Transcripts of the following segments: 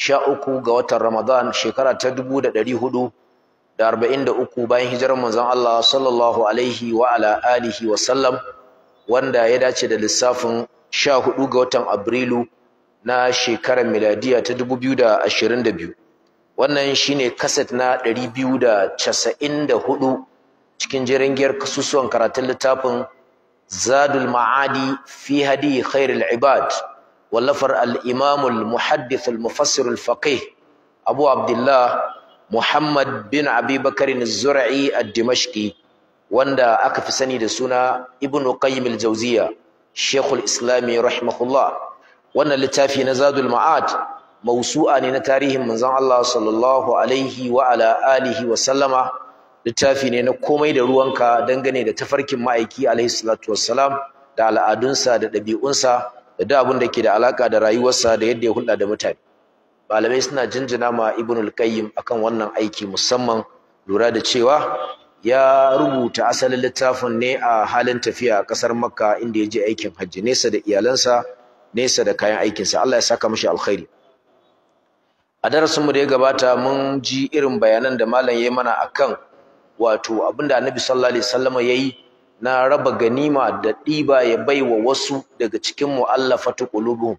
sha uku ga watan Ramadan shekara ta dubu da ɗari hudu da arba'in da uku bayan hijirar manzon Allah sallallahu alaihi wa ala alihi wa sallam wanda ya dace da lissafin sha hudu ga watan Abrilu na shekarar miladiya ta dubu biyu da ashirin da biyu wannan shine kaset na ɗari biyu da casa'in da hudu cikin jirangiyar kasusuwan karatun littafin zadul ma'adi fi hadi khairul ibad wallafar al'imamul imam al-muhaddith al-mufassir al abu abdullah muhammad bin abi bakr az-zur'i dimashqi wanda aka fi sani da suna ibn qayyim al-jawziya shaykh al-islam wannan littafi na zadul ma'ad mawsu'a ne na tarihin manzon Allah sallallahu alaihi wa ala alihi wa sallama littafi ne na komai da ruwanka dangane da tafarkin ma'aiki alaihi salatu da al'adunsa da ɗabi'unsa da duk abin da ke da alaka da rayuwarsa da yadda ya hulɗa da mutane malamai suna jinjina ma ibnul qayyim akan wannan aiki musamman lura da cewa ya rubuta asalin littafin ne a halin tafiya a ƙasar makka inda ya je aikin hajji nesa da iyalansa nesa da kayan aikinsa allah ya saka mashi alkhairi a darasin mu da ya gabata mun ji irin bayanan da malam ya yi mana akan wato abinda annabi sallallahu alaihi wasallam ya yi na raba ganima da ɗiba ya bai wa wasu daga cikin mu'allafatu qulubuhum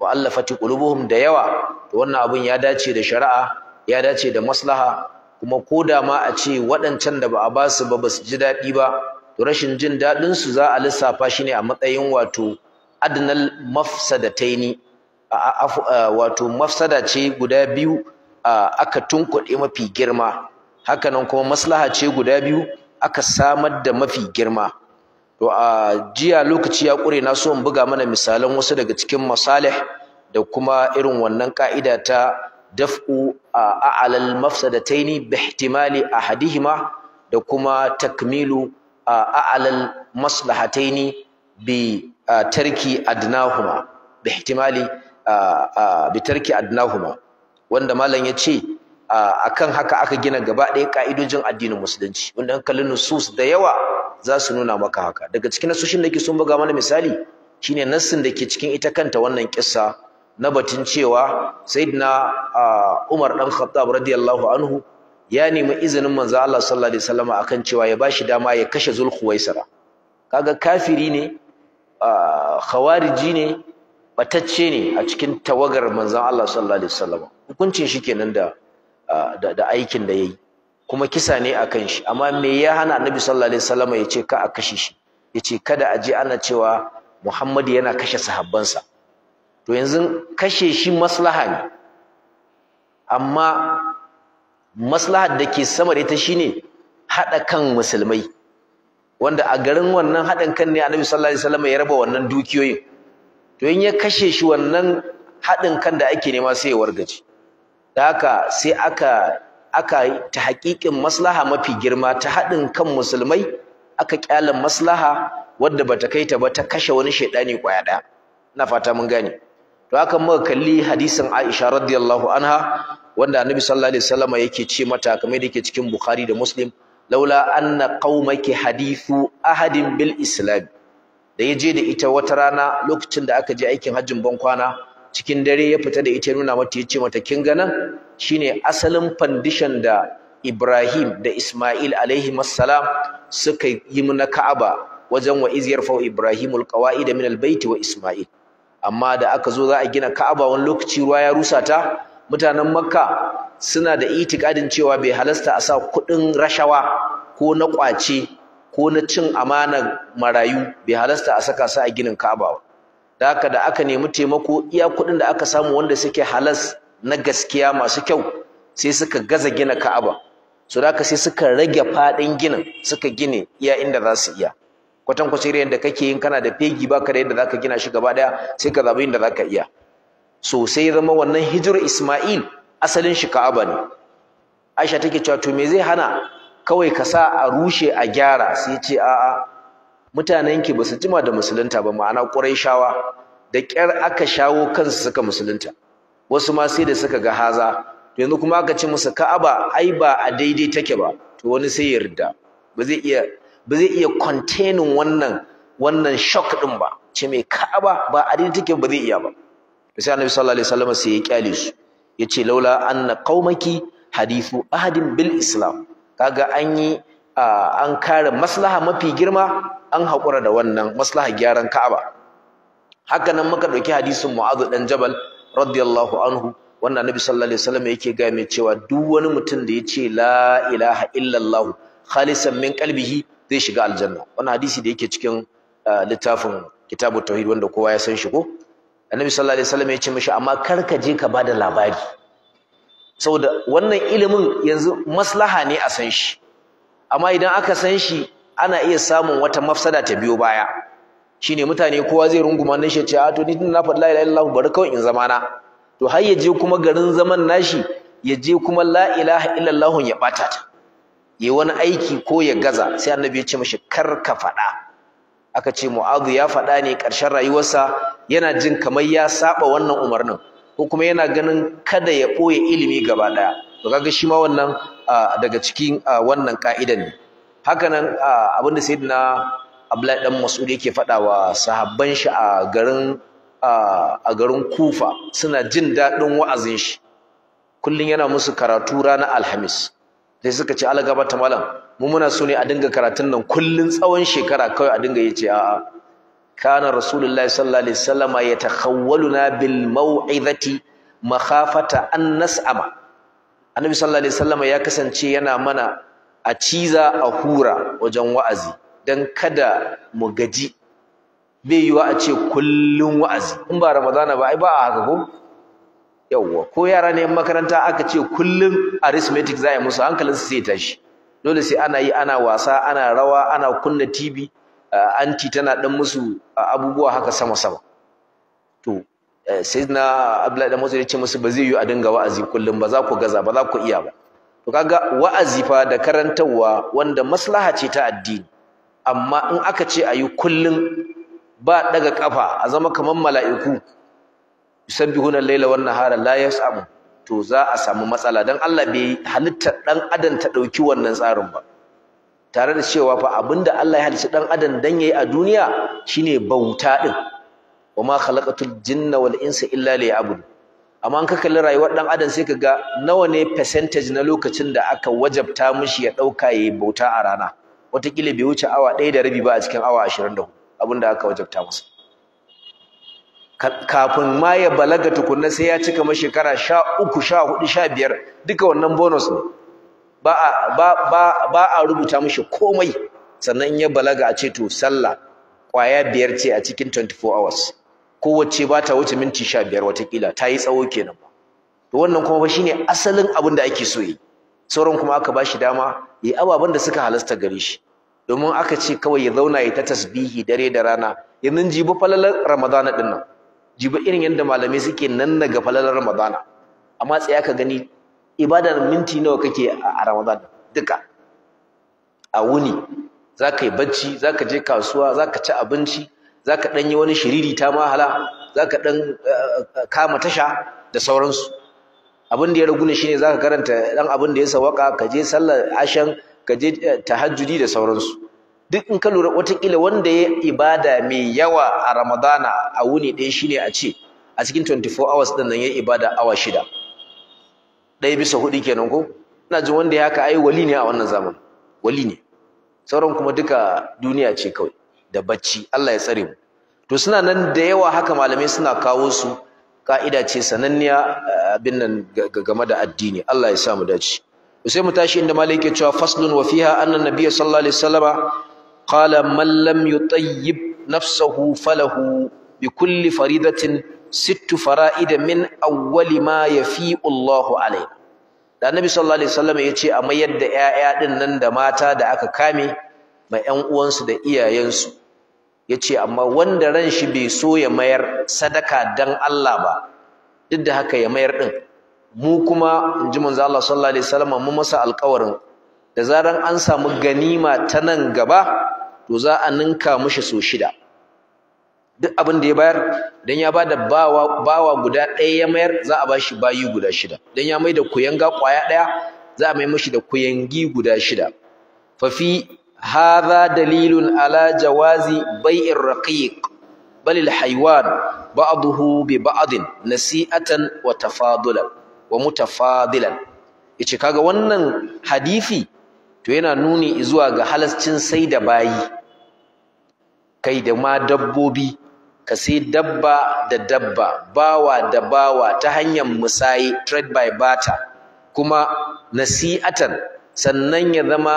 mu'allafati qulubuhum da yawa to wannan abun ya dace da shari'a ya dace da maslaha kuma ko da ma a ce waɗancan da ba a ba su ba ba su ji daɗi ba to rashin jin daɗin su za a lissafa shi ne a matsayin wato adnal mafsadataini wato mafsada ce guda biyu aka tunkuɗe mafi girma hakanan kuma maslaha ce guda biyu aka samar da mafi girma to a jiya lokaci ya kure na so in buga mana misalan wasu daga cikin masalih da kuma irin wannan ka'ida ta daf'u a'lal mafsadataini bi ihtimali ahadihima da kuma takmilu a'lal maslahataini bi tarki adnahuma bi ihtimali bi tarki adnahuma wanda malam ya ce a akan haka aka gina gaba ɗaya ka'idojin addinin musulunci wanda an nusus da yawa za su nuna maka haka daga cikin nasoshin da ke sun buga mana misali shine nassin da ke cikin ita kanta wannan kissa na batun cewa sayyidina Umar dan Khattab radiyallahu anhu ya nemi izinin manzo Allah sallallahu alaihi wasallam akan cewa ya bashi dama ya kashe Zulkhuwaisara kaga kafiri ne khawariji ne batacce ne a cikin tawagar manzo Allah sallallahu alaihi wasallam hukuncin shi kenan da da aikin da yayi kuma kisa ne akan shi amma me ya hana annabi sallallahu alaihi wasallam ya ce ka a kashe shi ya ce kada a je ana cewa muhammadu yana kashe sahabbansa to yanzu kashe shi maslaha ne amma maslahar da ke sama da ita shine haɗa kan musulmai wanda a garin wannan haɗin kan ne annabi sallallahu alaihi wasallam ya raba wannan dukiyoyin to in ya kashe shi wannan haɗin kan da ake nema sai ya wargaje da haka sai aka aka ta hakikin maslaha mafi girma ta haɗin kan musulmai aka ƙyalan maslaha wadda bata kai ta ba ta kashe wani shaidani kwaya ɗaya ina fata mun gane to haka muka kalli hadisin Aisha radiyallahu anha wanda Annabi sallallahu alaihi wasallam yake ce mata kamar da yake cikin Bukhari da Muslim laula anna qaumaki hadithu ahadin bil islam da yaje da ita wata rana lokacin da aka je aikin hajjin ban cikin dare ya fita da ita nuna mata yace mata kin ga nan shine asalin foundation da Ibrahim da Ismail alaihi assalam suka yi na Ka'aba wajen wa iziyar Ibrahim Ibrahimul qawaid min albayt wa Ismail amma da aka zo za a gina Ka'aba wani lokaci ruwa ya rusa ta mutanen Makka suna da itikadin cewa bai halasta a sa kuɗin rashawa ko na ƙwace ko na cin amanar marayu bai halasta a saka su a ginin Ka'aba ba da haka da aka nemi taimako iya kuɗin da aka samu wanda suke halas na gaskiya masu kyau sai suka gaza gina Ka'aba so da haka sai suka rage faɗin ginin suka gine iya inda za su iya kwatan kwacin yadda kake yin kana da fegi baka da yadda zaka gina shi gaba daya sai ka zabi inda zaka iya so sai ya zama wannan hijr Isma'il asalin shi Ka'aba ne Aisha take cewa to me zai hana kawai ka sa a rushe a gyara sai ce a'a mutanenki ba su jima da musulunta ba ma'ana shawa da ƙyar aka shawo kansu suka musulunta wasu ma sai da suka ga haza to yanzu kuma aka ce musu Ka'aba ai ba a daidai take ba to wani sai ya yarda ba zai iya ba zai iya containing wannan wannan shock din ba ce mai Ka'aba ba a daidai take ba zai iya ba to sai Annabi sallallahu alaihi wasallam sai ya kyale su yace laula anna qaumaki hadithu ahadin bil islam kaga an yi an kare maslaha mafi girma an haƙura da wannan maslaha gyaran Ka'aba haka nan muka ɗauki hadisin Mu'adh dan Jabal radiyallahu anhu wannan nabi sallallahu alaihi wasallam yake ga mai cewa duk wani mutum da yace la ilaha illallah khalisan min qalbihi zai shiga aljanna wannan hadisi da yake cikin littafin kitabut tauhid wanda kowa ya san shi ko Annabi sallallahu alaihi wasallam ya ce mishi amma kar ka je ka bada labari saboda wannan ilimin yanzu maslaha ne a san shi amma idan aka san shi ana iya samun wata mafsada ta biyo baya shine mutane kowa zai runguma nan shi ce a ah, to ni tun na faɗi la ilaha illallah bari kawai in zama na to har ya je kuma garin zaman nashi ya je kuma la ilaha illallah ya bata ta yi wani aiki ko ya gaza sai annabi ya ce mishi kar ka faɗa aka ce mu'adhu ya faɗa ne ƙarshen rayuwarsa yana jin kamar ya saba wannan umarnin ko kuma yana ganin kada ya ɓoye ilimi gaba ɗaya to kaga shi ma wannan daga cikin wannan ka'idan ne haka nan abin da sayyidina Abdullahi dan Mas'ud yake faɗa wa sahabban shi a garin a garin Kufa suna jin daɗin wa'azin shi kullun yana musu karatu ranar Alhamis sai suka ce Allah gabata malam mu muna so ne a dinga karatun nan kullum tsawon shekara kawai a dinga yace a'a kana rasulullahi sallallahu alaihi wasallama yatakhawwaluna bil mau'izati makhafata an nas'ama annabi sallallahu alaihi wasallam ya kasance yana mana a ciza a hura wajen wa'azi dan kada mu gaji bai yiwa a ce kullun wa'azi in ba ramadana ba ai ba a haka ko yawwa ko yara ne makaranta aka ce kullun arithmetic za a yi musu hankalin su sai tashi dole sai ana yi ana wasa ana rawa ana kunna TV anti tana dan musu abubuwa haka sama sama Eh, sayyidina abdullahi da masudi ya ce musu ba zai yi a dinga wa'azi kullum ba za ku gaza ba za ku iya ba to kaga wa'azi fa da karantarwa wanda maslaha ce ta addini amma in aka ce ayi kullum ba daga kafa a zama kamar mala'iku yusabbihuna al-laila wan nahara la yas'amu to za a samu matsala dan Allah bai halitta dan adam ta dauki wannan tsarin ba tare da cewa fa abinda Allah ya halitta dan adam dan yayi a duniya shine bauta din wa ma khalaqatul jinna wal insa illa liya'budun amma an ka kalli rayuwar dan adam sai ka ga nawa ne percentage na lokacin da aka wajabta mishi ya dauka yayi bauta a rana wataƙila bai wuce awa ɗaya da rabi ba a cikin awa 24 abinda aka wajabta masa kafin ma ya balaga tukunna sai ya cika ma shekara 13 14 15 duka wannan bonus ne ba ba ba ba a rubuta mishi komai sannan ya balaga a ce to sallah kwaya biyar ce a cikin 24 hours kowace ba ta wuce minti sha biyar watakila ta yi tsawo kenan ba. to wannan kuma shi ne asalin abin da ake so yi sauran kuma aka ba shi dama ya yi ababen da suka halasta gare shi domin aka ce kawai ya zauna ya ta tasbihi dare da rana yanzu jibi falalar ramadana din nan jibi irin yadda malamai suke nan daga falalar ramadana amma tsaya ka gani ibadar minti nawa kake a ramadana duka a wuni za ka yi bacci za ka je kasuwa za ka ci abinci zaka dan yi wani shiriri ta mahala zaka dan eh, eh, kama tasha da sauransu abin da ya ragune shine zaka karanta dan abin da ya sawaka ka je sallar ashan kaje, je eh, tahajjudi da sauransu duk in ka lura watakila wanda ya ibada mai yawa a ramadana a wuni ɗaya shine a ce a cikin 24 hours din nan ya ibada awa shida ɗaya bisa hudu kenan ko ina jin wanda ya haka ai wali ne a wannan zaman wali ne sauran kuma duka duniya ce kawai da bacci Allah ya tsare mu to suna nan da yawa haka malamai suna kawo su ka'ida ce sananniya eh, abin nan game da addini Allah ya sa mu dace sai mu tashi inda malaike cewa faslun wa fiha anna nabiy sallallahu alaihi wasallama qala man lam yutayyib nafsahu falahu bi kulli faridatin sittu fara'ida min awwali ma yafi Allahu alaihi da annabi sallallahu alaihi wasallam yace a mayar da 'ya'ya din nan da mata da aka kame ma 'yan uwansu da iyayensu Ya ce, amma wanda ran shi bai so ya mayar sadaka dan Allah ba duk da haka ya mayar din mu kuma inji manzo Allah sallallahu alaihi wasallam mu masa alƙawarin da zaran an samu ganima ta nan gaba to za a ninka mishi so shida duk abin da ya bayar dan ya bada bawa bawa guda ɗaya ya mayar za a bashi bayi guda shida dan ya mai da kuyanga kwaya ɗaya za a mai mishi da kuyangi guda shida fa fi هذا دليل على جواز بيع الرقيق بل الحيوان بعضه ببعض نسيئة وتفاضلا ومتفاضلا yace kaga wannan hadisi to yana nuni zuwa ga halascin sai da bayi kai da ma dabbobi ka sai dabba da dabba bawa da bawa ta hanyar musayi trade by barter kuma nasi'atan sannan ya zama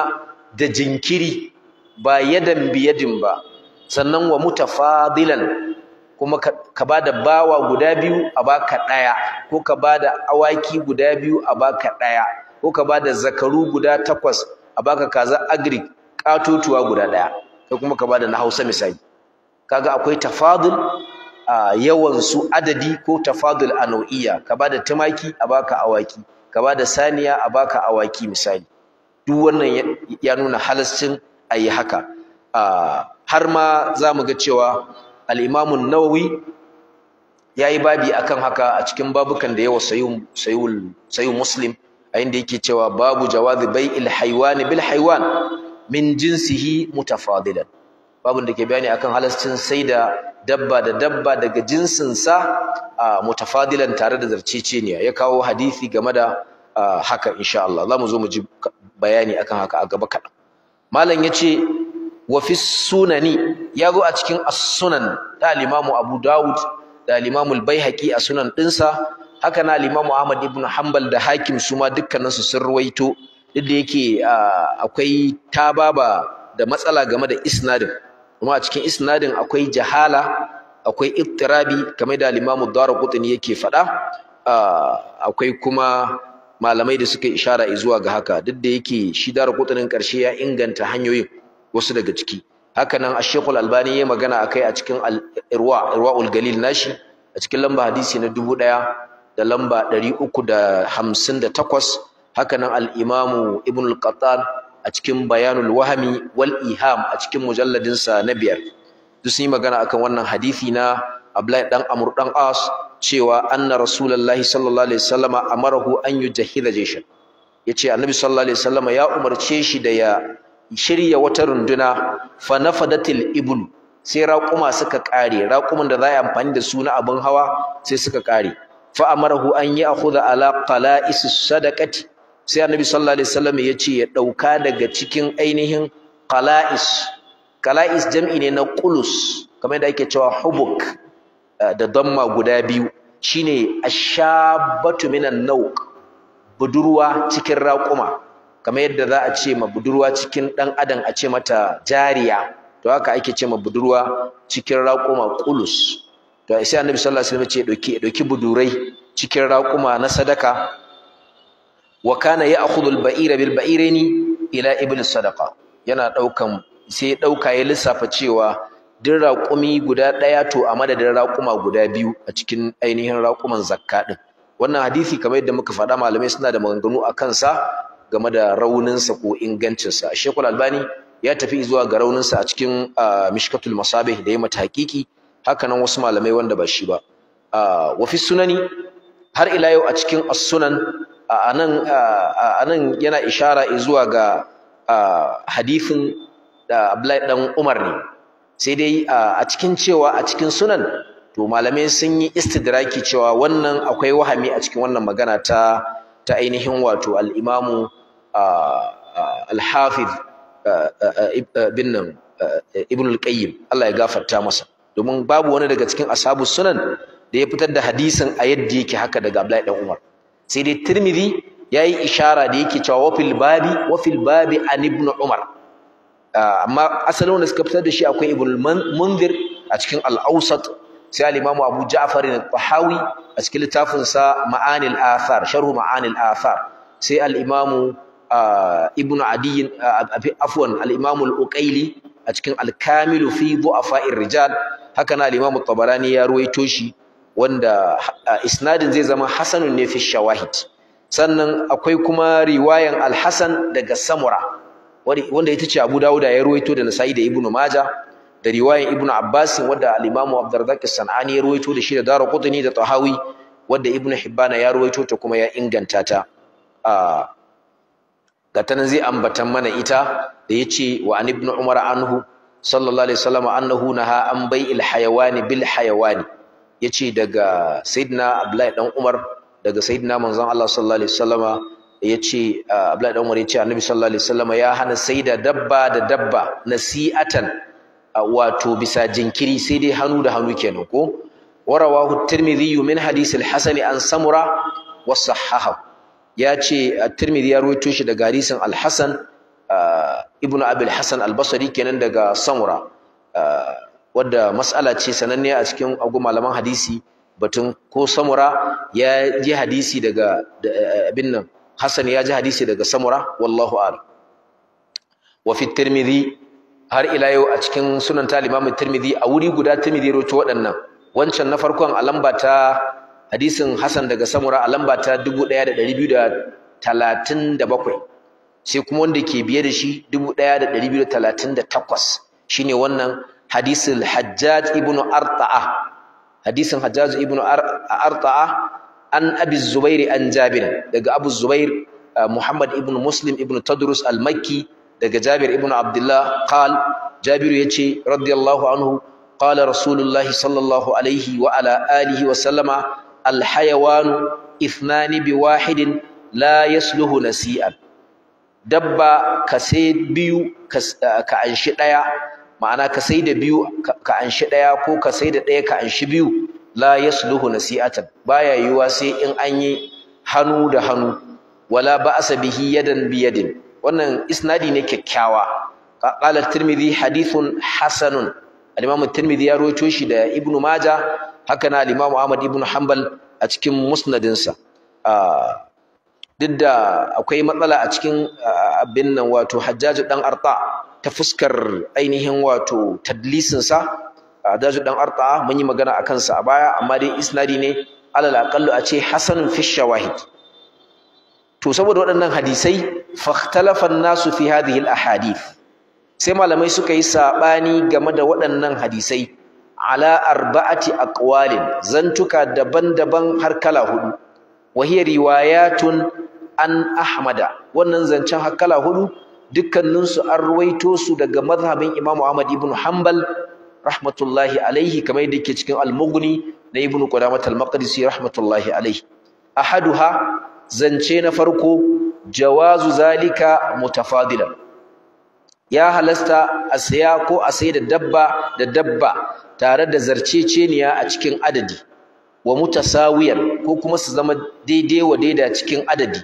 da jinkiri ba yadan biyadin ba sannan wa mutafadilan kuma ka bada bawa guda biyu a baka daya ko ka bada awaki guda biyu a baka daya ko ka bada zakaru guda takwas a baka kaza agri katotuwa guda daya kai kuma ka bada na Hausa misali kaga akwai tafadul a yawan su adadi ko tafadul a nau'iya ka bada tumaki a baka awaki ka bada saniya a baka awaki misali duk wannan ya nuna halascin ayi yi haka har ma za mu ga cewa al'imamun nawawi ya yi babi akan haka a cikin babukan da yawa sayu muslim a inda yake cewa babu jawazi bai ilhaiwani bil haiwan min jinsihi mutafadilan babun da ke bayani akan halascin sai da dabba da dabba daga jinsinsa a mutafadilan tare da ne. ya kawo hadisi game da haka insha Allah za mu zo mu ji bayani akan haka a gaba kaɗan malam ya ce wa fi sunani ya zo a cikin as-sunan da al-imamu abu dawud da al-imamu al-baihaqi a sunan ɗinsa haka na al-imamu ahmad ibn hanbal da hakim su ma dukkaninsu sun ruwaito duk da yake akwai tababa da matsala game da isnadin kuma a cikin isnadin akwai jahala akwai ittirabi kamar da al-imamu darqutni yake faɗa akwai kuma malamai da suka ishara zuwa ga haka duk da yake shi da kutunin karshe ya inganta hanyoyin wasu daga ciki Hakanan, nan Al-Albani ya magana akai a cikin Irwa Irwaul Galil nashi a cikin lamba hadisi na 1000 da lamba 358 haka nan Al-Imam Ibn Al-Qattan a cikin Bayanul Wahmi wal Iham a cikin mujalladin sa na biyar duk sun yi magana akan wannan hadisi na Abdullahi dan Amr dan As cewa anna rasulullahi sallallahu alaihi wasallama amarahu an yujahida jayshan yace annabi sallallahu alaihi wasallama ya umarce shi da ya shirya wata runduna fa nafadatil ibl sai raquma suka kare raquman da za a amfani da su na abin hawa sai suka kare fa amarahu an ya'khudha ala qala'is sadaqati sai annabi sallallahu alaihi wasallama yace ya dauka daga cikin ainihin qala'is qala'is jam'i ne na qulus kamar da ake cewa hubuk da damma guda biyu shine ashabatu minan nauk budurwa cikin raƙuma kamar yadda za a ce ma budurwa cikin dan adam a ce mata jariya to haka ake ce ma budurwa cikin raƙuma qulus to sai annabi sallallahu alaihi wasallam ce doki doki budurai cikin raƙuma na sadaka wa kana ya'khudhu al-ba'ira bil bairini ila iblis sadaqa yana daukan sai dauka ya lissafa cewa Din raƙumi guda ɗaya to a madadin raƙuma guda biyu a cikin ainihin raƙuman zakka ɗin wannan hadisi kamar yadda muka faɗa malamai suna da maganganu a kansa game da rauninsa ko ingancinsa shekul albani ya tafi zuwa ga rauninsa a cikin mishkatul masabih da ya mata hakiki hakanan wasu malamai wanda ba shi ba Wafi sunani har ila yau a cikin as-sunan nan yana ishara zuwa ga hadisin da Abdullahi dan Umar ne sai dai a cikin cewa a cikin sunan to malamai sun yi istidraki cewa wannan akwai wahami a cikin wannan magana ta ta ainihin wato al-imamu al-hafiz ibn nan ibn al-qayyim Allah ya gafarta masa domin babu wani daga cikin ashabu sunan da ya fitar da hadisin a yadda yake haka daga Abdullahi dan Umar sai dai Tirmidhi yayi ishara da yake cewa wa fil babi wa fil babi an ibn Umar amma asalin wanda suka fitar da shi akwai ibn munzir a cikin al-awsat sai al-imam abu ja'far al-tahawi a cikin littafin sa ma'anil athar sharhu ma'anil athar sai al-imam ibn afwan al-imam al a cikin al-kamilu fi du'afa'ir rijal haka na al-imam tabarani ya ruwaito shi wanda isnadin zai zama hasanun ne fi shawahid sannan akwai kuma riwayan al-hasan daga samura wanda ita ce Abu Dawud ya ruwaito da Nasa'i da Ibnu Maja da riwayan Ibnu Abbas wanda al-Imam sanani ya ruwaito da shi da Daraqutni da Tahawi wanda Ibnu Hibbana ya ruwaito ta kuma ya inganta ta ga ta nan zai ambatan mana ita da yace wa an Ibn Umar anhu sallallahu alaihi wasallam annahu naha an bai'il hayawani bil hayawani yace daga Sayyidina Abdullahi dan Umar daga Sayyidina manzon Allah sallallahu alaihi wasallam Yace ce abdullahi dan ya ce annabi sallallahu alaihi wasallam ya hana saida dabba da dabba nasi'atan wato bisa jinkiri sai dai hannu da hannu kenan ko warawahu tirmidhi min hadith al-hasan an samura wa sahaha ya ce tirmidhi ya rawaito shi daga hadisin al-hasan ibn abi al-hasan al-basri kenan daga samura wadda mas'ala ce sananne a cikin agu malaman hadisi batun ko samura ya ji hadisi daga abin nan Hassan ya ji hadisi daga Samura wallahu a'lam wa fi Tirmidhi har ila yau a cikin sunan talimamu Tirmidhi a wuri guda Tirmidhi roci waɗannan wancan na farkon a lamba ta hadisin Hassan daga Samura a lamba ta 1237 sai kuma wanda ke biye da shi 1238 shine wannan hadisin Hajjaj ibn Arta'a hadisin Hajjaj ibn Arta'a an abi zubair an jabir daga abu zubair uh, muhammad ibn muslim ibn tadrus al makki daga jabir ibn abdullah qal jabir yace radiyallahu anhu qala rasulullahi sallallahu alaihi wa ala alihi wa sallama al hayawan ithnani bi wahidin la yasluhu nasi'an dabba ka sai biyu ka uh, anshi daya ma'ana ka sai da biyu ka anshi daya ko ka sai da daya ka anshi biyu la yasluhu nasi'atan baya yiwa sai in an yi hannu da hannu wala ba'sa bihi yadan bi yadin wannan isnadi ne kyakkyawa qala at-tirmidhi hadithun hasanun al-imam tirmidhi ya rawaito shi da ibnu Maja, haka na al-imam ahmad ibnu hanbal a cikin musnadinsa duk da akwai matsala a cikin abin nan wato hajjaji dan arta ta fuskar ainihin wato tadlisin sa daju dan arta mun yi magana akan sa a baya amma dai isnadi ne alal aqallu a ce hasanun fi shawahid to saboda waɗannan hadisai fakhtalafa nasu fi hadhihi al ahadith sai malamai suka yi sabani game da waɗannan hadisai ala arba'ati aqwalin zantuka daban-daban har kala hudu wa hiya riwayatun an ahmada wannan zancen har kala hudu dukkaninsu an ruwaito su daga mazhabin Imam Ahmad ibn Hanbal rahmatullahi alaihi kamar yadda yake cikin al-mughni na ibnu qudamah al-maqdisi rahmatullahi alaihi ahaduha zance na farko jawazu zalika mutafadilan ya halasta a saya ko a sayar da dabba da dabba tare da zarceceniya a cikin adadi wa mutasawiyan ko kuma su zama daidai wa daida cikin adadi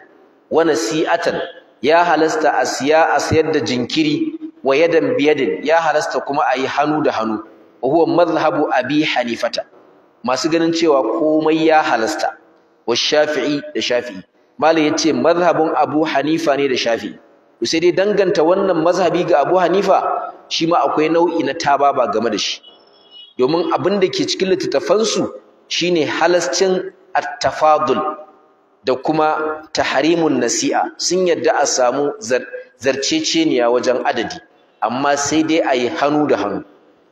wa nasi'atan ya halasta a siya a sayar da jinkiri wa yadan biyadin ya halasta kuma ayi hannu da hannu wa huwa madhhabu abi hanifata masu ganin cewa komai ya halasta wa shafi'i da shafi'i malai yace madhhabun abu hanifa ne da shafi'i to sai dai danganta wannan mazhabi ga abu hanifa shi ma akwai nau'i na tababa game da shi domin abin da ke cikin littattafansu shine halascin at-tafadul da kuma tahrimun nasi'a sun yadda a samu zarceceniya wajen adadi amma sai dai a yi hannu da hannu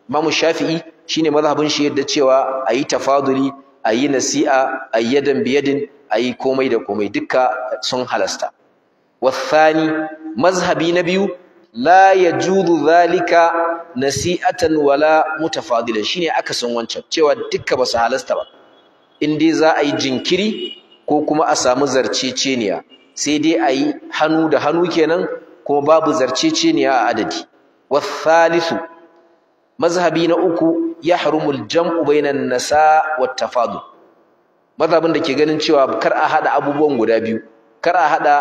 mamu shafi'i shine mazhabin shi yadda cewa a yi tafaduli a yi nasi'a a yi yadan biyadin a yi komai da komai dukka sun halasta wathani mazhabi na biyu la yajuzu zalika nasi'atan wala mutafadilan shine aka san wancan cewa duka ba su halasta ba in dai za a yi jinkiri ko kuma a samu zarceceniya sai dai a yi hannu da hannu kenan kuma babu zarceceniya a adadi والثالث mazhabi na uku ya harumul jam'u bainan nasa wat tafadul mazhabin da ke ganin cewa kar a hada abubuwan guda biyu kar a hada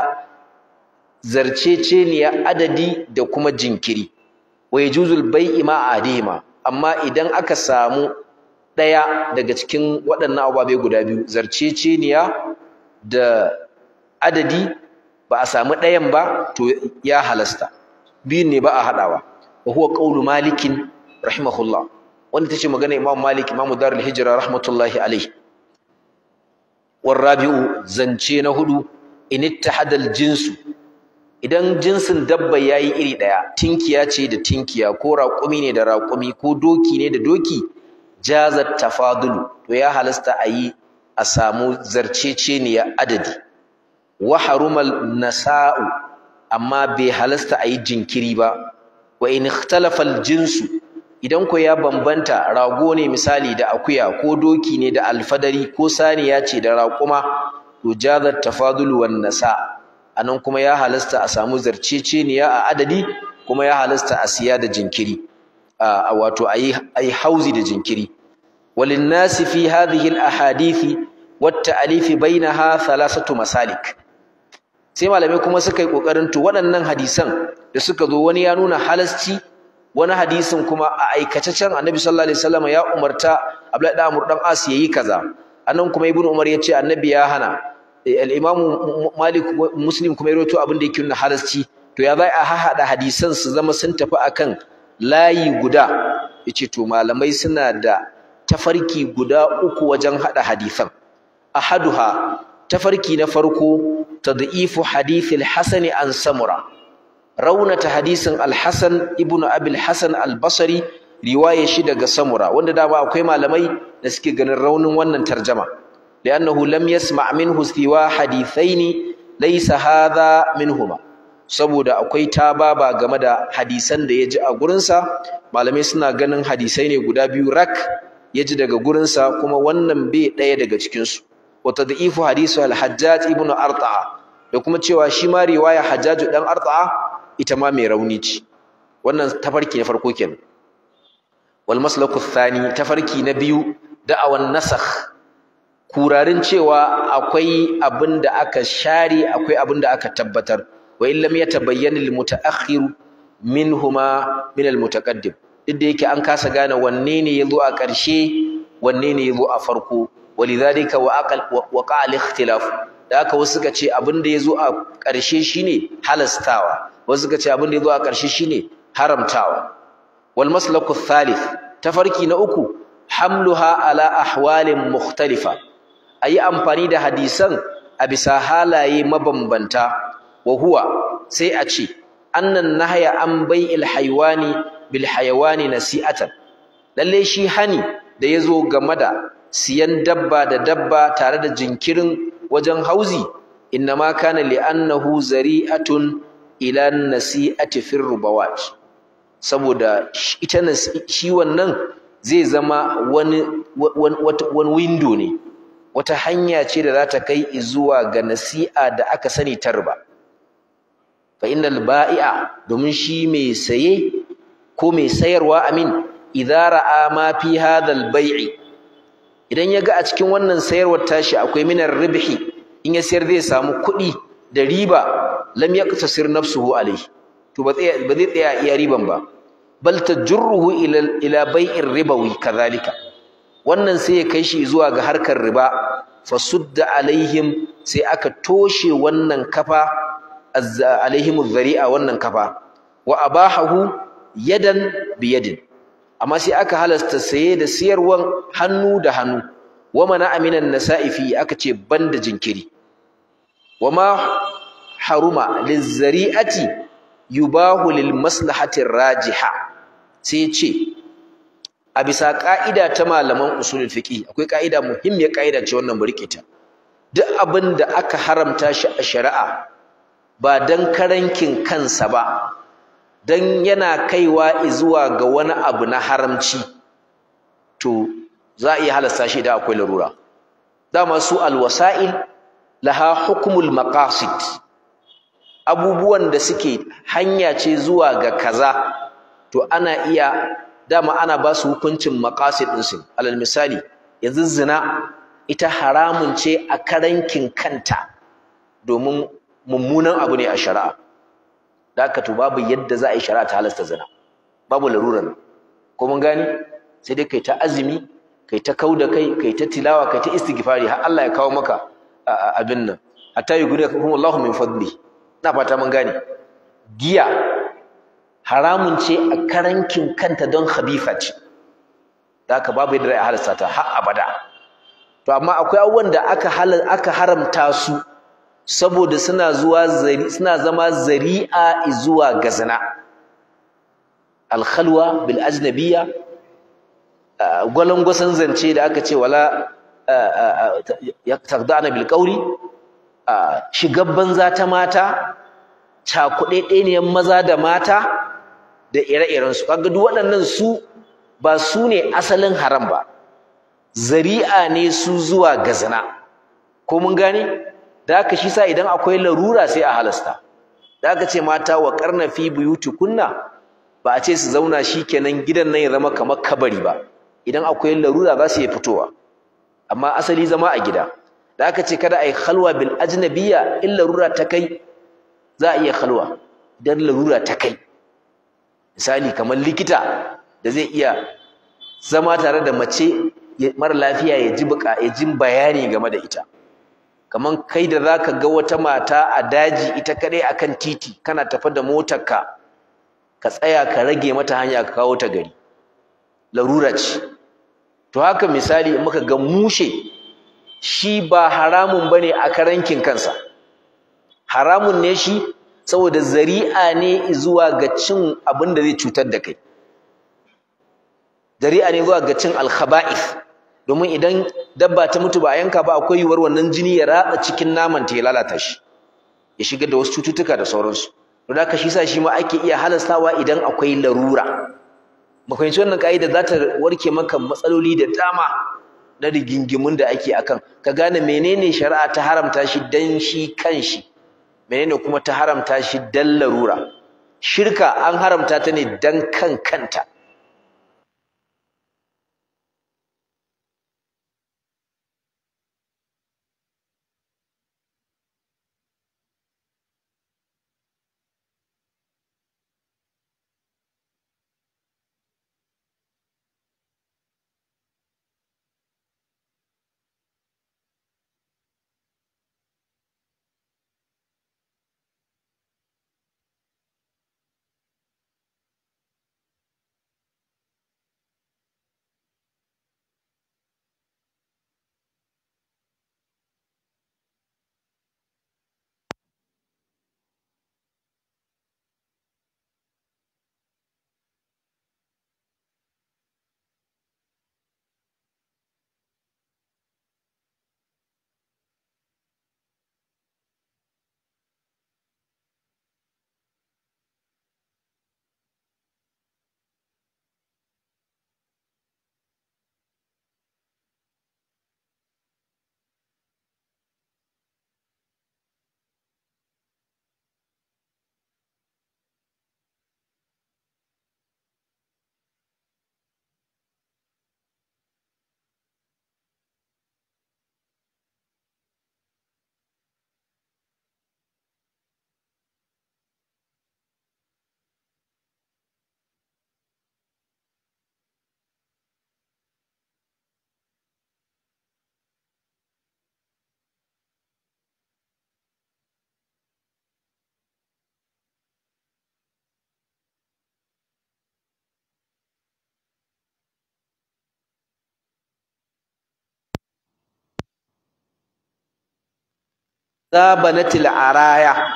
zarceceniya adadi da kuma jinkiri wa yajuzul bai'i ma adima amma idan aka samu daya daga cikin waɗannan ababe guda biyu zarceceniya da adadi ba a samu ɗayan ba to ya halasta biyun ne ba a hadawa wa huwa Malikin malik rahimahullah wanda tace magana imam malik imam darul hijra rahmatullahi alayhi war rabi'u zance na hudu in ittahada jinsu idan jinsin dabba yayi iri daya tinkiya ce da tinkiya ko raƙumi ne da raƙumi ko doki ne da doki jazat tafadul to ya halasta ayi a samu ya adadi wa harumal nasa'u amma bai halasta ayi jinkiri ba wa in ikhtalafa jinsu idan ko ya bambanta rago ne misali da akuya ko doki ne da alfadari ko saniya ce da raƙuma to jaza tafadul wan nasa anan kuma ya halasta a samu zarceceniya a adadi kuma ya halasta a siya da jinkiri a wato ayi ayi hauzi da jinkiri walin nasi fi hadhihi al ahadithi wat ta'alifi bainaha thalathatu masalik sai malamai kuma suka yi kokarin to waɗannan hadisan da suka zo wani ya nuna halasci wani hadisin kuma a aikace can annabi sallallahu alaihi wasallam ya umarta Abdullahi dan Amr dan As yayi kaza anan kuma Ibn Umar ya annabi ya hana eh, al-Imam Malik Muslim kuma ya rawaito abin da yake nuna halasci to ya bai a hahada hadisan su zama sun tafi akan layi guda yace to malamai suna da tafarki guda uku wajen hada hadisan ahaduha Ta farki na farko tad'ifu hadith al-hasan an samura raunata hadisin Alhassan Ibnu ibn al basari al-basri riwaye shi daga samura wanda dama akwai malamai da suke ganin raunin wannan tarjama li'annahu lam yasma' minhu ne, hadithaini laysa hadha minhuma saboda akwai tababa game da hadisan da ya ji a gurinsa malamai suna ganin hadisai ne guda biyu rak yaji daga gurinsa kuma wannan bai ɗaya daga cikinsu wa tad'ifu hadisu al-hajjaj ibn da kuma cewa shi ma riwaya hajjaj dan arta'a ita ma mai rauni ce wannan tafarki na farko kenan wal maslaku thani tafarki na biyu da'awan nasakh kurarin cewa akwai abinda aka share akwai abin da aka tabbatar wa illam yatabayyana lil mutaakhir minhuma min al mutaqaddim duk da yake an kasa gane wanne ne yazo a ƙarshe wanne ne yazo a farko walidhalika wa aqal wa qal ikhtilaf da haka wasu suka ce abin da yazo a ƙarshe shine halastawa wasu suka ce abin da yazo a ƙarshe shine haramtawa wal maslaku thalith tafarki na uku hamluha ala ahwalin mukhtalifa ayi amfani da hadisan a bisa halaye mabambanta wa huwa sai a ce annan nahya an bai'il haywani bil haywani nasi'atan lalle shi hani da yazo game da siyan dabba da dabba tare da jinkirin wajen hauzi ma kana li'annahu zari'atun ila nasi'ati fir rubawat saboda ita shi wannan zai zama wani wani window ne wata hanya ce da za ta kai zuwa ga nasi'a da aka sani tarba fa innal ba'i'a domin shi mai saye ko mai sayarwa amin idza ra'a ma fi hadha baii idan ya ga a cikin wannan sayarwar tashi akwai minar ribhi in ya sayar zai samu kuɗi da riba lam yaktasir nafsuhu alayhi to ba zai tsaya iya riban ba bal tajruhu ila ila bai'ir ribawi kadhalika wannan sai ya kai shi zuwa ga harkar riba fasudda alaihim sai aka toshe wannan kafa alaihimu zari'a wannan kafa wa abahahu yadan biyadin amma sai aka halasta saye da siyarwan hannu da hannu wa mana aminan nasaifi aka ce banda jinkiri wa ma haruma lizzari'ati? yubahu lil rajiha sai ce a bisa ka'ida ta malaman usulul fiqi akwai ka'ida muhimmiyar ka'ida ce wannan burkita duk abin da aka haramta shi a shari'a ba dan karankin kansa ba dan yana kaiwa zuwa ga wani abu na haramci to za a iya halasta shi idan akwai larura dama su alwasa'il laha hukmul maqasid abubuwan da suke hanya ce zuwa ga kaza to ana iya dama ana ba su hukuncin maqasid din su alal misali yanzu zina ita haramun ce a karankin kanta domin mummunan abu ne a shari'a da haka to babu yadda za a yi shari'a ta halasta zina babu larurar ko mun gani sai dai kai ta azumi kai ta kauda kai kai ta tilawa kai ta istighfari har Allah ya kawo maka abin nan hatta ka kuma Allahu min fadli na fata mun gane giya haramun ce a karankin kanta don khabifa ce da haka babu yadda za a halasta ta har abada to amma akwai abubuwan da aka haramta su saboda suna zuwa suna zama zari'a zuwa gazana, al alkhalwa bil ajnabiyya gwalangwasan zance da aka ce wala tagdana bil qawli shigar banza ta mata cakuɗeɗeniyan maza da mata da ire su kaga duk waɗannan su ba su ne asalin haram ba zari'a ne su zuwa gazana, ko mun gane da shi sa idan akwai larura sai a halasta da ce mata wa karna fi kunna ba a ce su zauna shi kenan gidan nan ya zama kamar kabari ba idan akwai larura za su yi fitowa amma asali zama a gida da ce kada a yi halwa bil ajnabiyya in larura ta kai za a iya halwa dan larura ta kai misali kamar likita da zai iya zama tare da mace mara lafiya ya ji bayani game da ita kaman kai da zaka ga wata mata a daji ita kadai akan titi kana tafi da motarka ka ka tsaya ka rage mata hanya ka kawo ta gari larura ce to haka misali muka ga mushe shi ba haramun bane a karankin kansa haramun ne shi saboda zari'a ne zuwa ga cin abin da zai cutar da kai zari'a ne zuwa ga cin alkhaba'is. domin idan dabba ta mutu ba a yanka ba akwai yiwuwar wannan jini ya ratsa cikin naman ta ya lalata shi ya shiga da wasu cututtuka da sauransu don haka shi sa shi ma ake iya halastawa idan akwai larura mu fahimci wannan ka'ida za ta warke maka matsaloli da dama na rigingimun da ake akan ka gane menene shari'a ta haramta shi dan shi kanshi menene kuma ta haramta shi dan larura shirka an haramta ta ne dan kan kanta zabanatil araya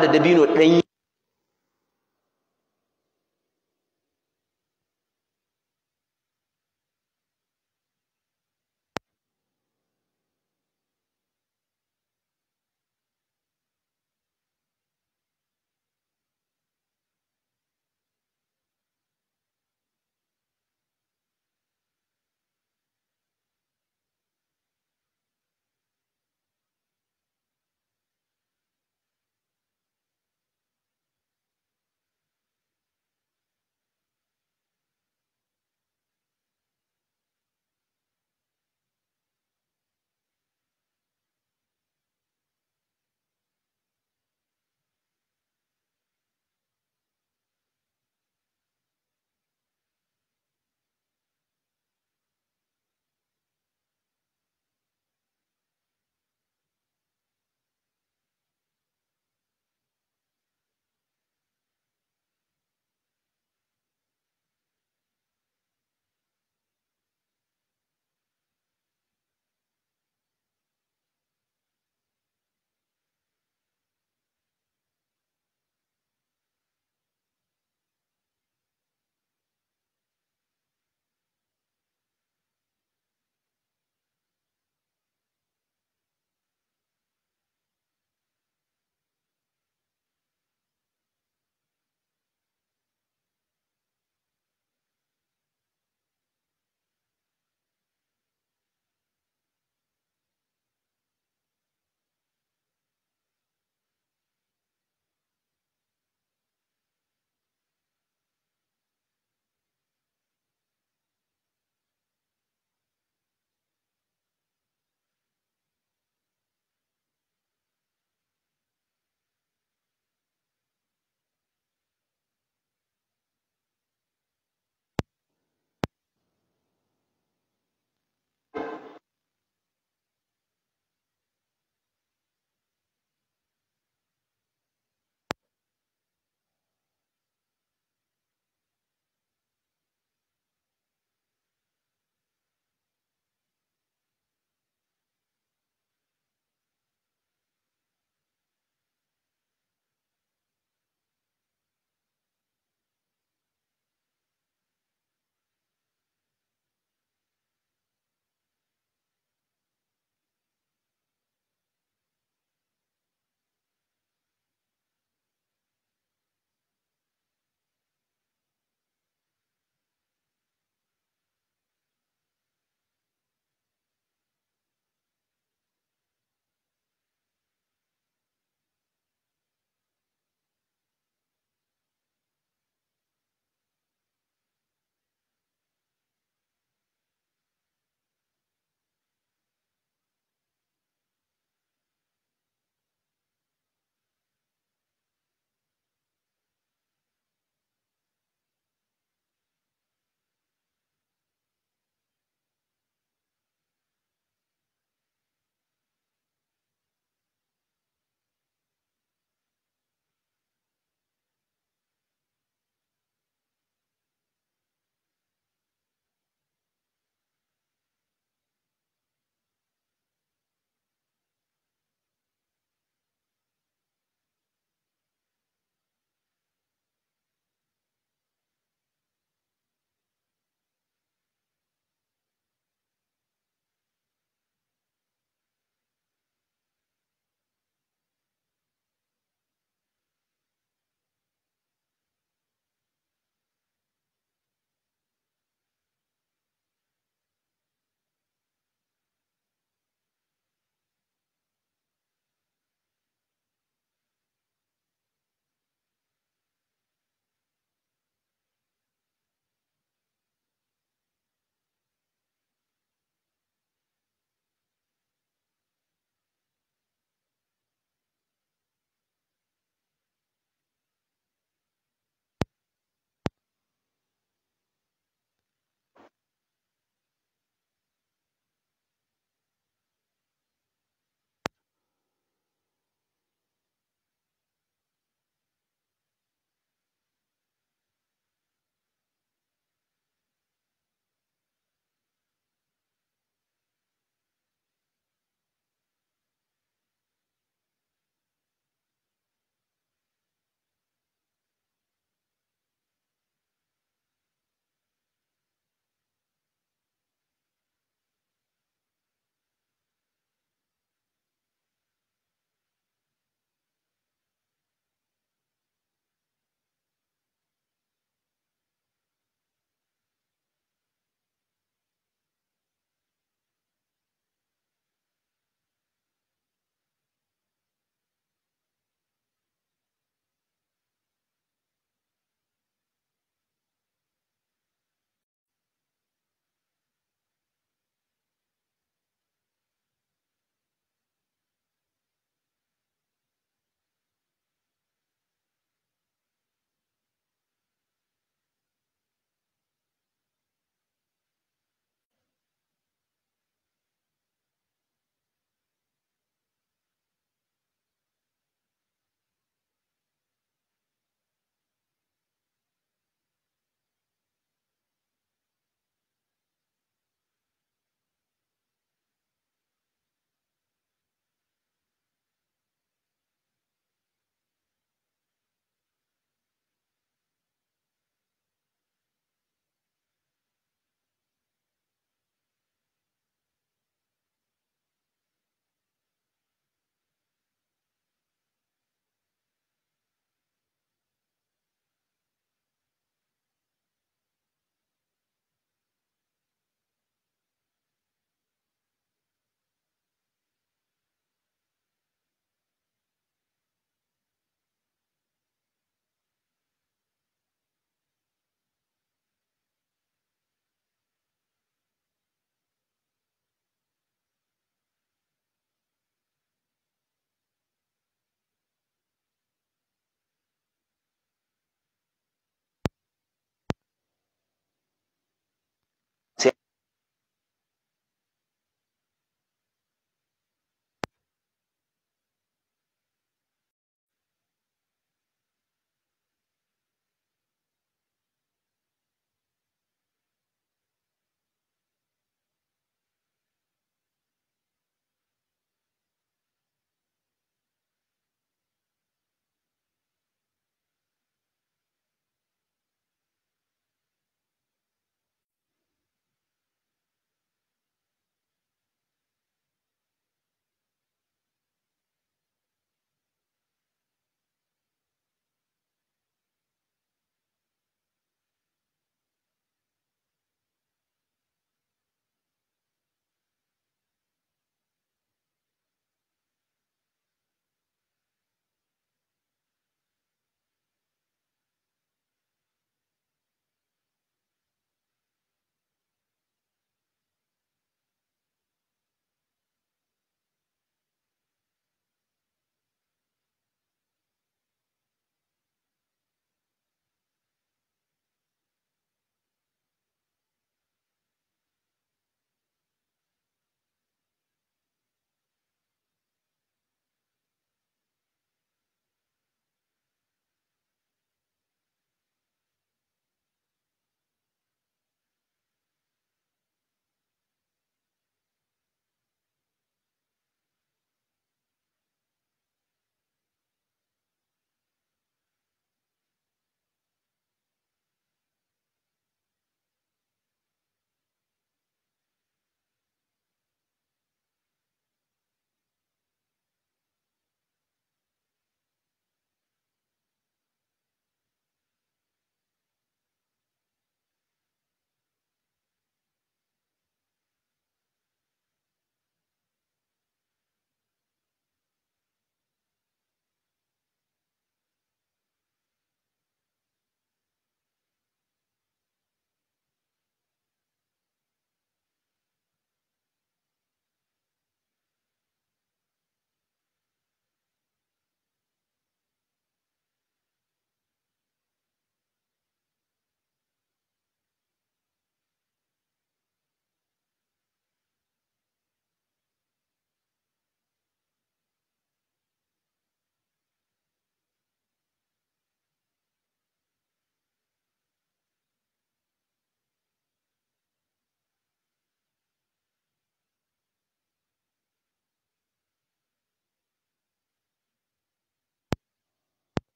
da dabino ɗanyi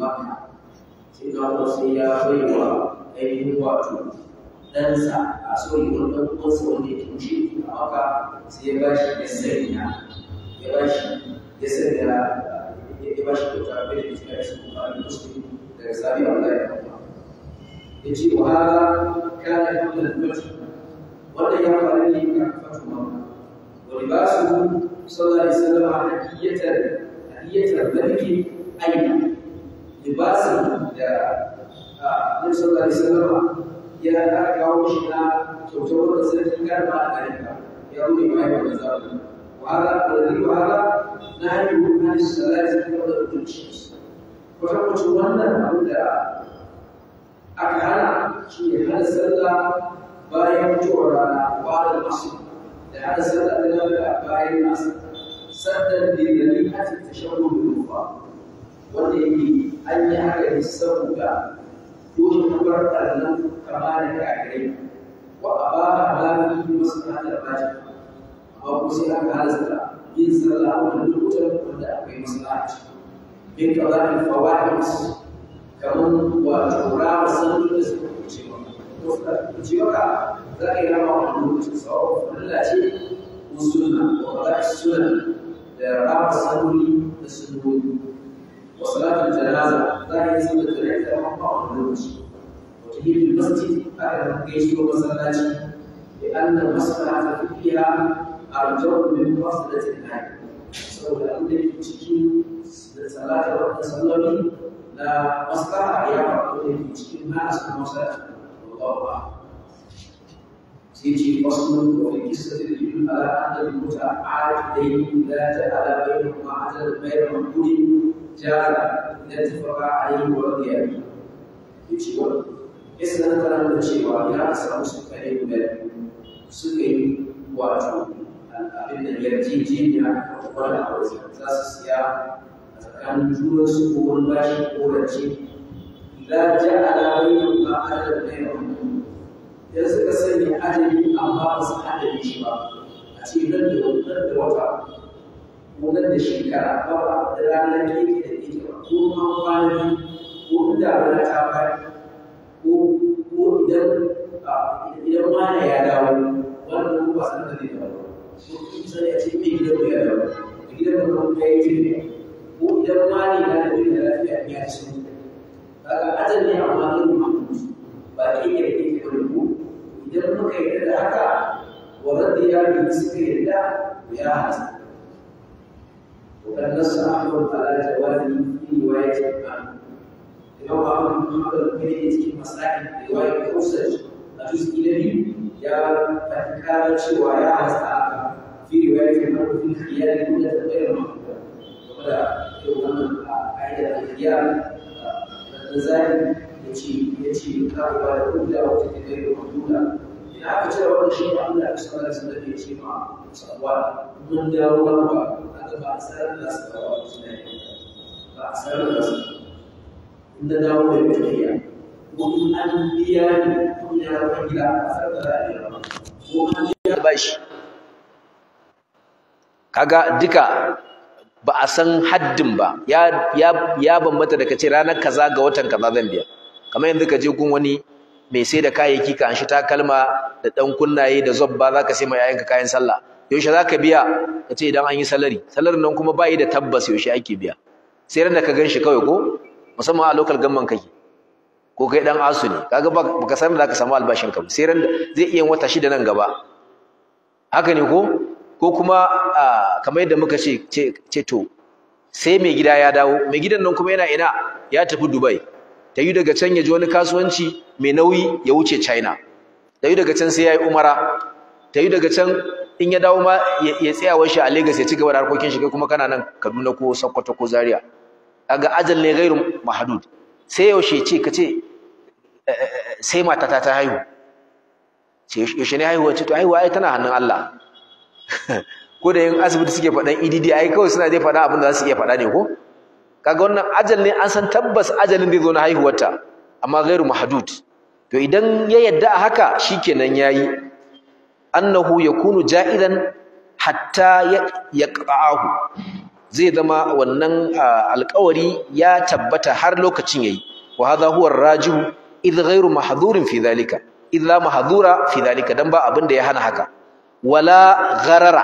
maka sai ga sai ya baiwa ainihin wato ɗansa a soyewar ɗan uwansa wanda ya tushe a maka sai ya bashi ya sanya ya bashi ya sanya ya bashi kyauta bai da kyauta ya sanya ba da musulmi daga sabi a wani ya ce wa hada kana ya kuma da mutum wanda ya faru ne ka fatu mama wani ba su sallallahu alaihi wasallam hadiyyatar hadiyyatar barki aina libasin da Nabi sallallahu alaihi ya kawo shi na kyautar wanda sarki garba a ya bude ma yau da zaɓi wahala alladhi wahala na haihu na salati wa da mutunci wata mace wannan abu da aka hana shi ne hana sallah bayan mutuwar rana ba'da asr da hana sallah da bayan asr sannan da dalilin ta wanda yake an yi haka ne saboda dokin kubar nan kama da kakirai wa a ba a wasu ta hanyar baji amma kuma sai aka halasta yin sallah a wani lokutan wanda akwai maslahaci bin kaza da fawaid kamar wato rawa sanin da suka kuce maka ko suka ce maka za ka yi rama wani lokacin sawa wanda ce ko sunna ba kaza sunna da rawa sanin da sunnoni وصلاة الجنازة لا يلزم الجنازة وقع الوجه وتهيئ المسجد أكثر الجيش ومسلاتي لأن المصلحة فيها أرجو من مصلحة النهي saboda an da ke cikin da salata da salloli na maslaha ya faɗo da ke cikin na su masa Allah sai ce wasu da wani kisa da ke yin ala da da jara ya tafaka a yi wa riya ya ce ya sanar karar da cewa ya samu su kare Su suka yi wato abin da yarjejeniya a kwakwar da aure za su siya a tsakanin juran su ko wani bashi ko rance la ja'ala bainahum ma'adan bainahum Ya suka sanya adadi amma ba su da shi ba a ce nan da wata gonar da shekara ba ba da ranar keke da keke ba ko ma ko inda ta fara ko ko idan idan mana ya dawo wannan ba san da zai dawo ko kin san ya ce mai gidan ya dawo da gidan ba kuma ya yi ko idan mana ya dawo da lafiya ya ci kaga ajal ne amma kin ma ba keke ya keke ba idan muka yi da haka wa radiya bi suka yarda ya hata وقد نص احمد على جوازه في روايه عنه الامام احمد بن حنبل كان يتي مسائل روايه خصج الجزء الذي يا فتكار شوى يا عسى في روايه عنه في الخيال جمله غير محدوده وقد يقول قاعده الخيال الغزالي يتي يتي يقال بعد كل وقت غير محدوده ina aka cewa wannan shi ne abin da aka sanar da sun da ke ce ma sabuwa mun dawo wani ba فأحسن kaga duka ba a san haddin ba ya ya ya bambanta da ce ranar kaza ga watan kaza zan biya kamar yanzu ka je gun wani mai sai da kayayyaki ka an shi takalma da dan kunnaye da zobba zaka sai mai yayanka kayan sallah yaushe za ka biya ka ce idan an yi salari Salari nan kuma bayi da tabbas yaushe ake biya sai ran da ka ganshi kawai ko musamman a local gamman kake ko kai dan asu ne kaga baka san da ka samu albashin ka sai ran zai iya wata shida nan gaba haka ne ko ko kuma kamar yadda muka ce ce to sai mai gida ya dawo mai gidan nan kuma yana ina ya tafi Dubai ta yi daga can ya ji wani kasuwanci mai nauyi ya wuce China ta yi daga can sai ya yi umara ta yi daga can in ya dawo ma ya tsaya wa shi a Lagos ya ci gaba da harkokin shi kai kuma kana nan Kaduna ko Sokoto ko Zaria kaga ajal ne gairu mahdud sai yaushe ce ka ce eh, eh, eh, sai matata ta haihu sai yaushe ne haihuwa ce to haihuwa ai tana hannun Allah ko da yin asibiti suke faɗan EDD ai kawai suna dai faɗa abin da za su iya faɗa ne ko kaga wannan ajal ne an san tabbas ajalin zai zo na haihuwarta amma gairu mahdud to idan ya yadda a haka shikenan yayi annahu yakunu ja'idan hatta yaqta'ahu zai zama wannan alƙawari ya tabbata har lokacin yayi wa hadha huwa ar-rajihu idh ghayru mahdhurin fi dhalika illa mahdhura fi dhalika dan ba abin da ya hana haka wala gharara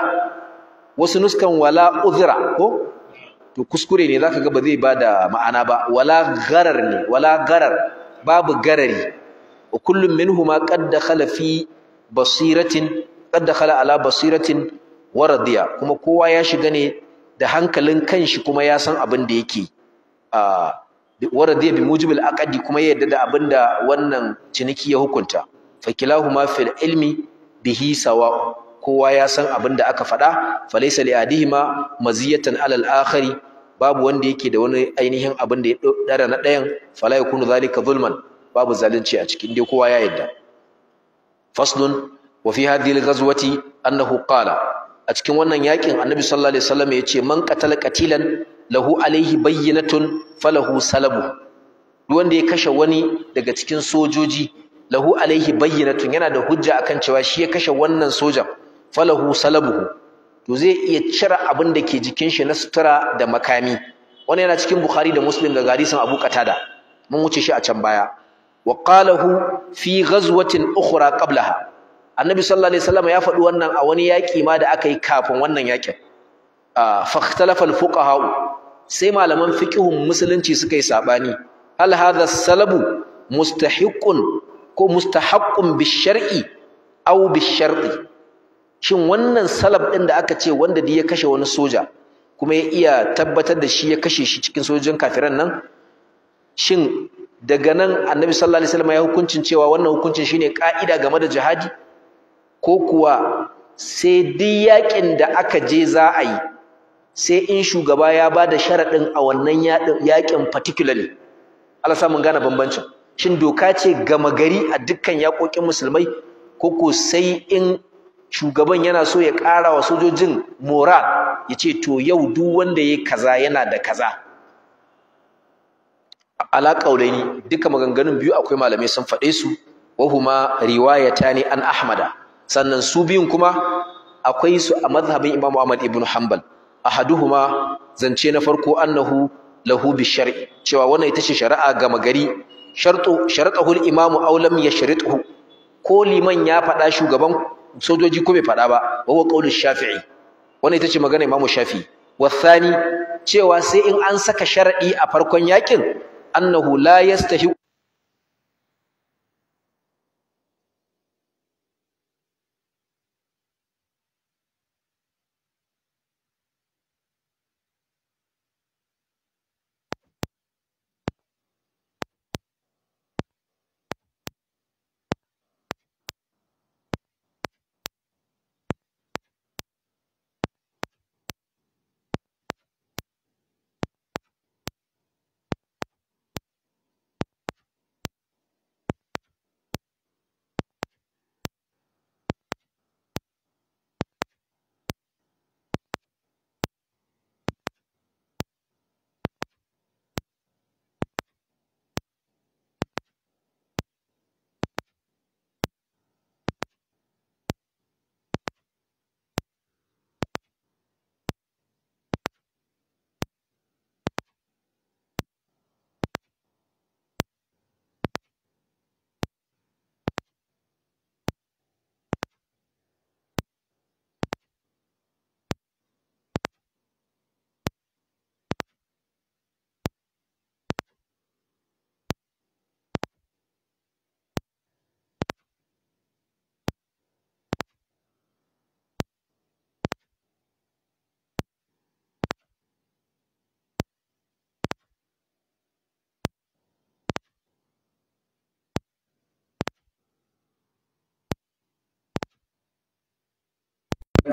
wasu nuskan wala uzra ko to kuskure ne zaka ga ba zai bada ma'ana ba wala gharar ne wala gharar babu garari wa kullum minhuma qad dakhala fi basiratin qad dakhala ala basiratin wa radiya kuma kowa ya shiga ne da hankalin kanshi kuma ya san abin da yake a wa radiya bi mujibil aqdi kuma ya yadda da abin da wannan ciniki ya hukunta fa kilahuma fil ilmi bihi sawa kowa ya san abin da aka faɗa laysa li adihima maziyatan alal akhari babu wanda yake da wani ainihin abin da ya dara na ɗayan fala yakunu zalika zulman babu zalunci a cikin dai kowa ya yadda. faslun wa fi hadhihi al-ghazwati annahu a cikin wannan yakin annabi sallallahu ya ce man qatala qatilan lahu alaihi bayyinatun falahu salabu duk wanda ya kashe wani daga cikin sojoji lahu alaihi bayyinatun yana da hujja akan cewa shi ya kashe wannan sojan falahu salabuhu to zai iya cire abin da ke jikin shi na sutura da makami wannan yana cikin bukhari da muslim daga hadisin abu qatada mun wuce shi a can baya wa fi gazwatin ukhra ƙablaha. annabi sallallahu ya faɗi wannan a wani yaƙi ma da aka yi kafin wannan yaƙin fa ikhtalafa al-fuqaha sai malaman fiqhun musulunci suka yi saɓani. hal hadha salabu mustahiqun ko mustahaqqun bi-shar'i aw shin wannan salab ɗin da aka ce wanda da ya kashe wani soja kuma ya iya tabbatar da shi ya kashe shi cikin sojojin kafiran nan shin daga nan annabi sallallahu alaihi wasallam ya hukuncin cewa wannan hukuncin shine ka'ida game da jihadi ko kuwa sai duk yakin da aka je za a yi sai in shugaba ya ba da sharaɗin a wannan yakin particularly Allah samun gane bambancin shin doka ce gama gari a dukkan yakokin musulmai ko ko sai in shugaban yana so ya ƙara wa sojojin moral yace to yau duk wanda ya kaza yana da kaza ala qaulaini duka maganganun biyu akwai malamai sun faɗe su wa huma riwayatani an ahmada sannan su biyun kuma akwai su a madhhabin imam ahmad ibn hanbal ahaduhuma zance na farko annahu lahu bi shar'i cewa wannan ita ce shari'a gama gari shartu sharatahu al-imam aw lam yashrituhu ko liman ya faɗa shugaban sojoji ko bai fada ba wa qaulu shafi'i magana imam shafi'i wasani cewa sai in an saka shar'i a farkon yakin annahu la yastahi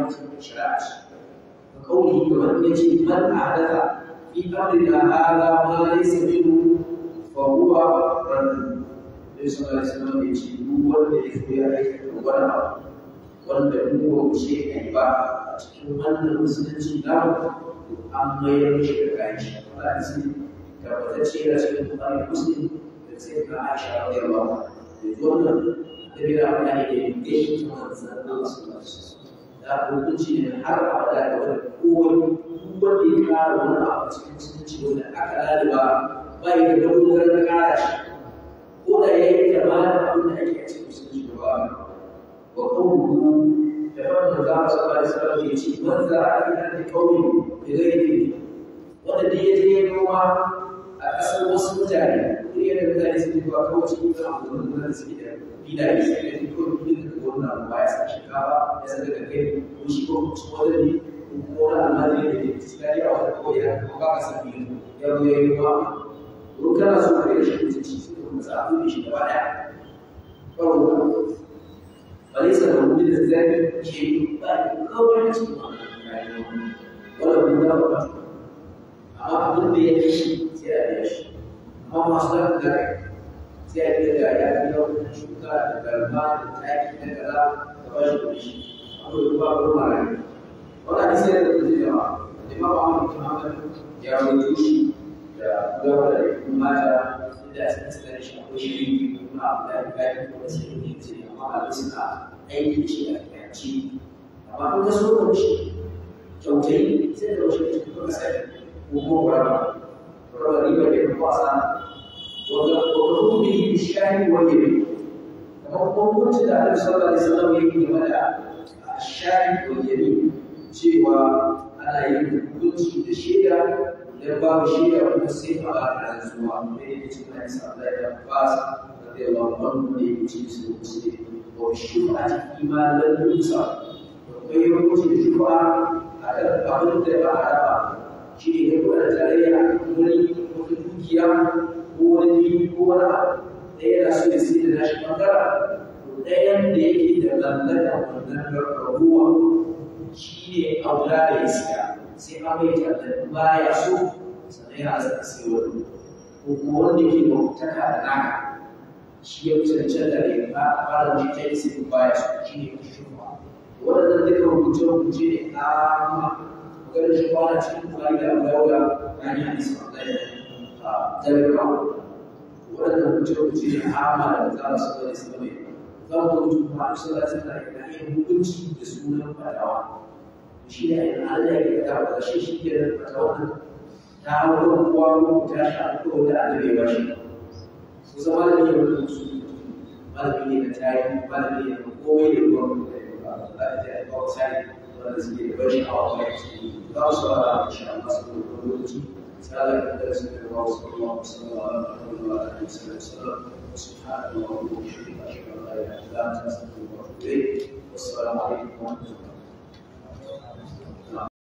مسلم الشرائع وقوله ومن يجد من أحدث في أمرنا هذا ما ليس منه فهو رد النبي الله عليه وسلم هو الذي يخفي wanda mu ba mu ce kai ba cikin wannan musulunci na an mayar mishi da kayan shi ba da su tabbatacce da cikin bukari muslim da sai ka aisha radiyallahu anha da wannan da bira ne da yake manzon Allah sallallahu alaihi da hukunci ne har a da wani kowani wanda ya kara wani abu cikin aka laliba ba yi da dogon kara shi ko da ya yi kama da abin da ake a cikin cikinci ba wa kowuku da wanda za a saba da saba ke ci man za a yi da kawai da zai yi wanda da ya je ya noma a ƙasar wasu mutane da yadda mutane suke ba kawai cikin kan da mutane da bidaye kuna ruwa ya sa shinkafa ya sa daga kai ko shi ko ci wajen ne ko wani almajiri da ke ci kariya wata kawai ya kuma ba ka san biyu ya zo ya yi ruwa ko kana so ka yi shi mutunci sai kuma sa abu ne shi gaba ɗaya ba ruwa فليس له من الذنب شيء بل هو يتوب ولو من ذنب أما أظن يكشي تياريش أما أصدق ذلك sai ya ce da ya fi yau shuka da garba da taki da kaza da ba shi kuɗi abu da kuma abu mara wannan sai da kuɗi da ma da ma ba mu kuma kan ya rubuto shi da gaba da kuma mata da sun tsare shi ko shi kuma abu da ya fi kuma sai da ce amma a bisa aiki a amma ga so da shi kyautai sai da wasu kuma sai ko ko وكفوته بالشاهد واليمين فهو قلت النبي صلى الله عليه وسلم الشاهد واليمين cewa ana yin hukunci da shaida idan babu shaida kuma sai a ba da rantsuwa da yake cikin hadisi Allah ya fasa da ya ba wannan da yake cikin sunnah wa shubuhat iman da musa da kai hukunci da shubuha a kan abin da ba a raba shi ne ya kuma ko wani ko wani da yana so ya sai da nashi bangara ɗayan da yake da lallata wannan garkuwa shi ne aula da iska sai an tattalin baya so sannan yana zaka sai wani ko kuma wanda ke bautaka da naka shi ya wuce da can da ya ba a fara jikin sai baya so shi ne shi kuma waɗannan duka rubuce-rubuce ne a kuma ganin kwana cikin da aula ya ne a jarabawa waɗanda kuce-kuce da amara da za su zai su mai zama mutum ba su da su da ina yin hukunci da sunan fadawa shi ne ina Allah ya ba shi shi ke da fadawa ta wurin kuwa ko ta sha ko da annabi ba shi su zama da yin hukunci malami ne da tayi malami ne da komai da ruwan ba za ta yi ba wasa ne wanda suke da bashi a wani ba su ba da shi a masu lokaci Assalamualaikum warahmatullahi wabarakatuh.